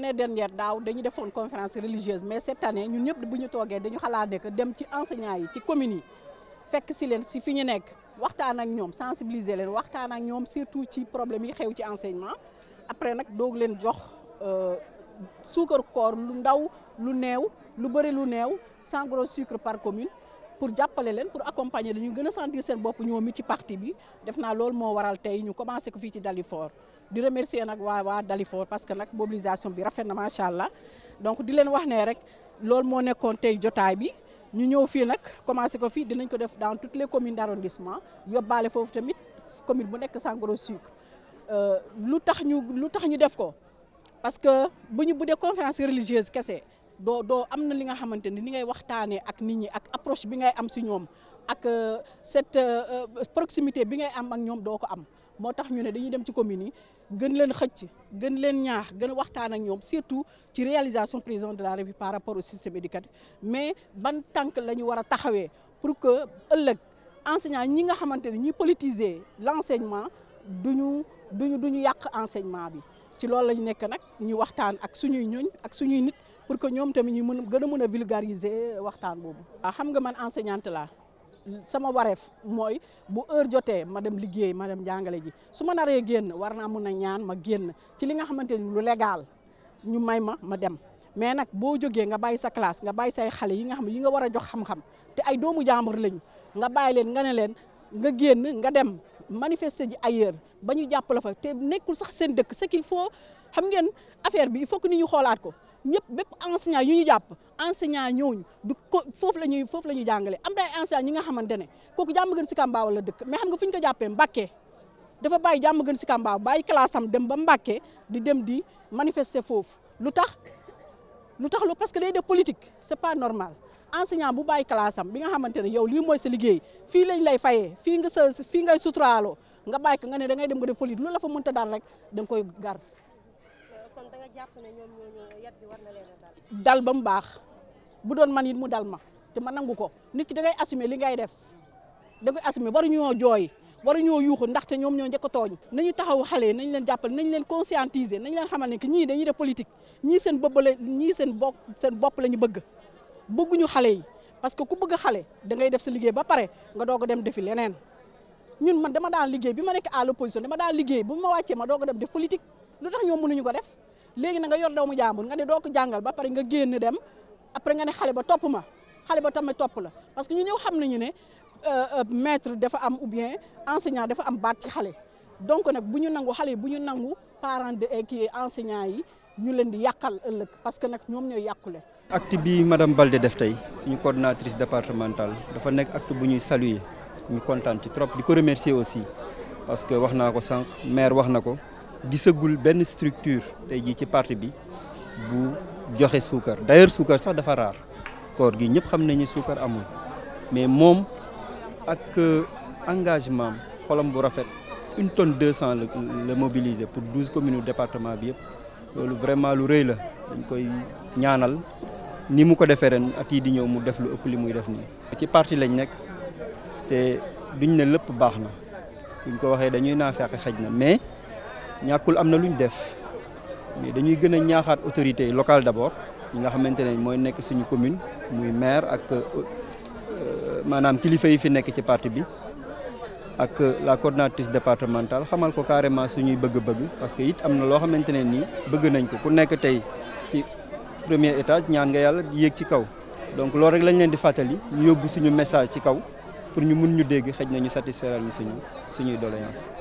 l'année dernière daaw dañu defoon conférence religieuse mais cette année ñun ñëpp bu ñu toogee dañu xalaat ne que dem ci enseignants yi ci communes fekk si leen si fi ñu nekk waxtaan ak sensibiliser leen waxtaan ak ñoom surtout ci problème yi xew ci enseignement après nag doog leen jox euh, sucre corps, lu ndaw lu néew lu bëri lu néew sans gros sucre par commune pour jappalé leen pour accompagner dañu gën a sentir sen bop ñoom ci parti bi defna lool mo waral tay ñu commencé ko fi ci fort di remercier nak wa wa dalifor parce que nak mobilisation bi rafet na macha allah donc di len wax ne rek loolu moo nekkoon tay jotay bi ñu ñëw fi nak commencé ko fi dinañ ko def dans toutes les communes d'arrondissement yobale fofu tamit commune bu nekk Sangoro Sucre euh lutax ñu lutax ñu def ko parce que buñu boudé conférence religieuse kese do do amna li nga xamanteni ni ngay waxtaanee ak nit ñi ak approche bi ngay am ci ñom ak euh, cette euh, euh, proximité bi ngay am ak ñom doo ko am motax ñu né dañuy dem ci commune yi gën leen xëc gën leen ñaax gën waxtaan ak ñom surtout ci réalisation président de la République par rapport au système éducatif mais ban tank lañu wara taxawé pour que ëlëk enseignants ñi nga xamanteni ñi politiser l'enseignement duñu duñu duñu yak enseignement bi ci lool lañu nek nak ñu waxtaan ak suñuy ñoñ ak suñuy nit pour que ñom tamit ñu mëna gëna mëna vulgariser waxtaan bobu xam nga man enseignante la sama wareef mooy bu heure jotee ma dem liggéey ma dem jàngale ji su ma naree génn war naa mun a ñaan ma génn ci li nga xamante ni lu légal ñu may ma ma dem mais nag boo jógee nga bàyyi sa classe nga bàyyi say xale yi nga xam yi nga war a jox xam-xam te ay doomu jàmbur lañu nga bàyyi leen nga ne leen nga génn nga dem manifester ji ailleurs ba ñu jàpp la fa te nekkul sax seen dëkk ce foo xam ngeen affaire bi il faut que ni ñu xoolaat ko. ñëpp bépp enseignant yu ñu jàpp enseignant ñooñu du ko foofu la ñuy foofu la ñuy jàngale am daay ay enseignant ñi nga xamante ne kooku jàmm gën si kàmbaaw la dëkk mais xam ga fu ñu ko jàppee Mbàkke dafa bàyyi jàmm gën si kàmbaaw bàyyi classe am dem ba Mbàkke di dem di manifester foofu lu tax lu tax lu parce que day de politique c' est pas normal enseignant bu bàyyi classe am bi nga xamante ne yow lii mooy sa liggéey fii lañ lay fayee fii nga sa fii ngay suturaaloo nga bàyyi ko nga ne da ngay dem nga def politique loolu la fa mënta daan rek da koy gar kon da nga jàpp ne ñoom ñooñu yat bi war na a dal. dal ba mu baax bu doon man it mu dal ma te ma nangu ko nit ki da ngay assumer li ngay def da ngay assumer waruñoo jooy waruñoo yuuxu ndaxte ñoom ñoo njëkk a tooñ nañu taxaw xale yi nañu leen jàppale nañ leen conscientiser nañ leen xamal ne que ñii dañuy def politique ñii seen bopp la ñii seen bopp seen bopp la ñu bëgg ñu xale yi parce que ku bëgg xale da ngay def sa liggéey ba pare nga doog a dem defi leneen ñun man dama daan liggéey bi ma nekk à l'opposition dama daan liggéey bu ma wàccee ma doog a dem def politique lu tax ñoom mënuñu ko def léegi nga yor doomu jambour nga ni doo jangal ba pare nga génn dem après nga ni xalé ba topuma xalé ba tamit top la parce que ñu ñew xam nañu né euh, euh maître dafa am ou bien enseignant dafa am baat ci xalé donc nak buñu nangu xalé buñu nangu parents de qui euh, est enseignant yi ñu leen di yakal ëlëk parce que nak ñom ñoy yakulé acte bi madame Balde def tay suñu coordinatrice départementale dafa nek acte bu ñuy saluer ñu kontaan ci trop di ko remercier aussi parce que wax naa ko maire wax na gisagul ben structure tay ji ci parti bi bu joxe soukar d'ailleurs soukar sax dafa rare koor gi ñep xam nañu soukar amul mais mom ak euh, engagement xolam bu rafet une tonne 200 le, la mobiliser pour 12 communes du département bi yëpp lolu vraiment lu reuy la dañ koy ñaanal ni mu ko defee ren at di ñëw mu def lu ëpp li muy def ni ci parti lañ nek té duñ ne lepp baxna buñ ko waxé dañuy na fekk xejna mais. ñàkkul am na lu ñu def mais dañuy gën a ñaaxaat autorités yi locales d'abord ñi nga xamante ne mooy nekk suñu commune muy maire ak euh, maanaam kilifa yi fi nekk ci parti bi ak euh, la coordonnatrice départementale xamal ko carrément suñuy bëgg-bëgg parce que it am na loo xamante ne nii bëgg nañ ko ku nekk tey ci premier étage ñaan nga yàlla yéeg ci kaw donc loolu rek lañ leen di fàttali ñu yóbbu suñu message ci kaw pour ñu mun ñu dégg xëj na ñu satisfaire ñu suñu suñuy doléance